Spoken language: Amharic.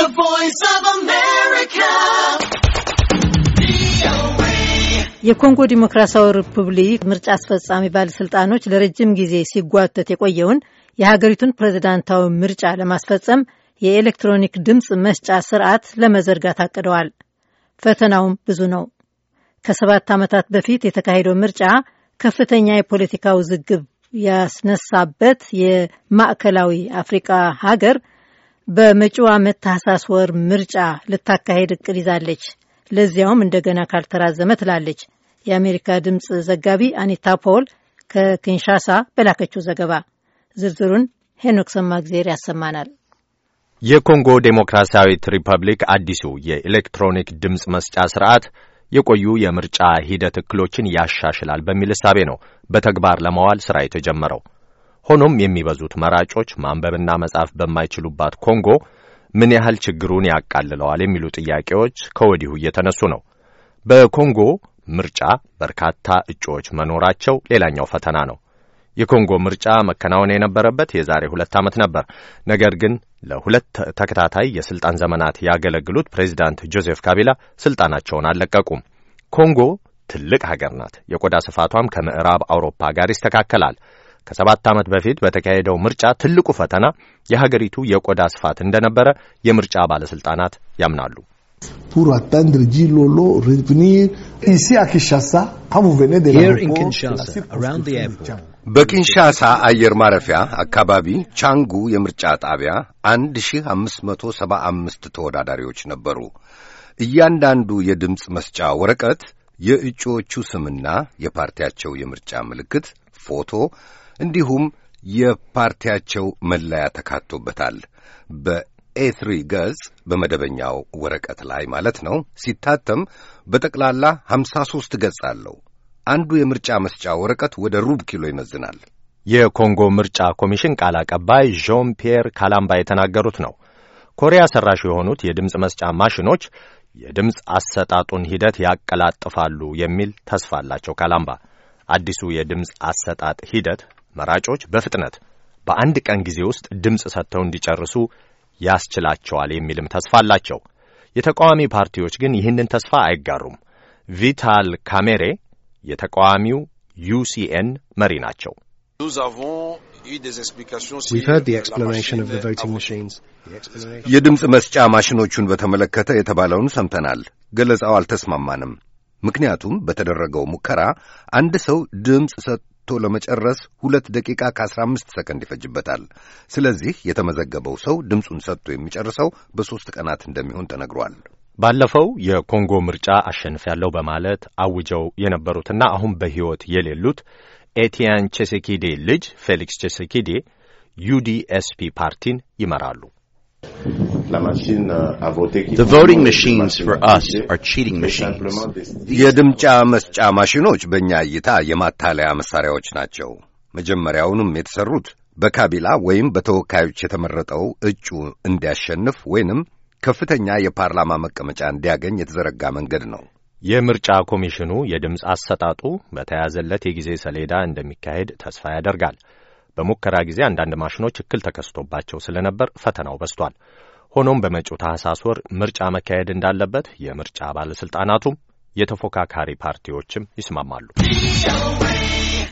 The Voice of America. የኮንጎ ዲሞክራሲያዊ ሪፑብሊክ ምርጫ አስፈጻሚ ባለስልጣኖች ለረጅም ጊዜ ሲጓተት የቆየውን የሀገሪቱን ፕሬዝዳንታዊ ምርጫ ለማስፈጸም የኤሌክትሮኒክ ድምፅ መስጫ ስርዓት ለመዘርጋት አቅደዋል። ፈተናውም ብዙ ነው። ከሰባት ዓመታት በፊት የተካሄደው ምርጫ ከፍተኛ የፖለቲካ ውዝግብ ያስነሳበት የማዕከላዊ አፍሪቃ ሀገር በመጪው ዓመት ታህሳስ ወር ምርጫ ልታካሄድ እቅድ ይዛለች። ለዚያውም እንደገና ካልተራዘመ ትላለች። የአሜሪካ ድምፅ ዘጋቢ አኒታ ፖል ከኪንሻሳ በላከችው ዘገባ ዝርዝሩን ሄኖክ ሰማግዜር ያሰማናል። የኮንጎ ዴሞክራሲያዊት ሪፐብሊክ አዲሱ የኤሌክትሮኒክ ድምፅ መስጫ ስርዓት የቆዩ የምርጫ ሂደት እክሎችን ያሻሽላል በሚል እሳቤ ነው በተግባር ለማዋል ሥራ የተጀመረው። ሆኖም የሚበዙት መራጮች ማንበብና መጻፍ በማይችሉባት ኮንጎ ምን ያህል ችግሩን ያቃልለዋል የሚሉ ጥያቄዎች ከወዲሁ እየተነሱ ነው። በኮንጎ ምርጫ በርካታ እጩዎች መኖራቸው ሌላኛው ፈተና ነው። የኮንጎ ምርጫ መከናወን የነበረበት የዛሬ ሁለት ዓመት ነበር። ነገር ግን ለሁለት ተከታታይ የሥልጣን ዘመናት ያገለግሉት ፕሬዚዳንት ጆሴፍ ካቢላ ሥልጣናቸውን አልለቀቁም። ኮንጎ ትልቅ ሀገር ናት። የቆዳ ስፋቷም ከምዕራብ አውሮፓ ጋር ይስተካከላል። ከሰባት ዓመት በፊት በተካሄደው ምርጫ ትልቁ ፈተና የሀገሪቱ የቆዳ ስፋት እንደነበረ የምርጫ ባለስልጣናት ያምናሉ። ፑር አታንድር ሪቭኒር ኢሲ በኪንሻሳ አየር ማረፊያ አካባቢ ቻንጉ የምርጫ ጣቢያ 1575 ተወዳዳሪዎች ነበሩ። እያንዳንዱ የድምፅ መስጫ ወረቀት የእጩዎቹ ስምና የፓርቲያቸው የምርጫ ምልክት ፎቶ እንዲሁም የፓርቲያቸው መለያ ተካቶበታል። በኤትሪ ገጽ በመደበኛው ወረቀት ላይ ማለት ነው። ሲታተም በጠቅላላ ሀምሳ ሦስት ገጽ አለው። አንዱ የምርጫ መስጫ ወረቀት ወደ ሩብ ኪሎ ይመዝናል። የኮንጎ ምርጫ ኮሚሽን ቃል አቀባይ ዦን ፒየር ካላምባ የተናገሩት ነው። ኮሪያ ሰራሽ የሆኑት የድምፅ መስጫ ማሽኖች የድምፅ አሰጣጡን ሂደት ያቀላጥፋሉ የሚል ተስፋ አላቸው ካላምባ። አዲሱ የድምፅ አሰጣጥ ሂደት መራጮች በፍጥነት በአንድ ቀን ጊዜ ውስጥ ድምፅ ሰጥተው እንዲጨርሱ ያስችላቸዋል የሚልም ተስፋ አላቸው። የተቃዋሚ ፓርቲዎች ግን ይህንን ተስፋ አይጋሩም። ቪታል ካሜሬ የተቃዋሚው ዩሲኤን መሪ ናቸው። የድምፅ መስጫ ማሽኖቹን በተመለከተ የተባለውን ሰምተናል። ገለጻው አልተስማማንም። ምክንያቱም በተደረገው ሙከራ አንድ ሰው ድምፅ ሰጥ ሰጥቶ ለመጨረስ ሁለት ደቂቃ ከ15 ሰከንድ ይፈጅበታል። ስለዚህ የተመዘገበው ሰው ድምፁን ሰጥቶ የሚጨርሰው በሦስት ቀናት እንደሚሆን ተነግሯል። ባለፈው የኮንጎ ምርጫ አሸንፊያለሁ በማለት አውጀው የነበሩትና አሁን በሕይወት የሌሉት ኤቲያን ቼሴኪዴ ልጅ ፌሊክስ ቼሴኪዴ ዩዲኤስፒ ፓርቲን ይመራሉ። The voting machines for us are cheating machines. የድምጫ መስጫ ማሽኖች በእኛ እይታ የማታለያ መሳሪያዎች ናቸው። መጀመሪያውንም የተሰሩት በካቢላ ወይም በተወካዮች የተመረጠው እጩ እንዲያሸንፍ ወይንም ከፍተኛ የፓርላማ መቀመጫ እንዲያገኝ የተዘረጋ መንገድ ነው። የምርጫ ኮሚሽኑ የድምፅ አሰጣጡ በተያዘለት የጊዜ ሰሌዳ እንደሚካሄድ ተስፋ ያደርጋል። በሙከራ ጊዜ አንዳንድ ማሽኖች እክል ተከስቶባቸው ስለነበር ፈተናው በስቷል። ሆኖም በመጪው ታህሳስ ወር ምርጫ መካሄድ እንዳለበት የምርጫ ባለሥልጣናቱም የተፎካካሪ ፓርቲዎችም ይስማማሉ።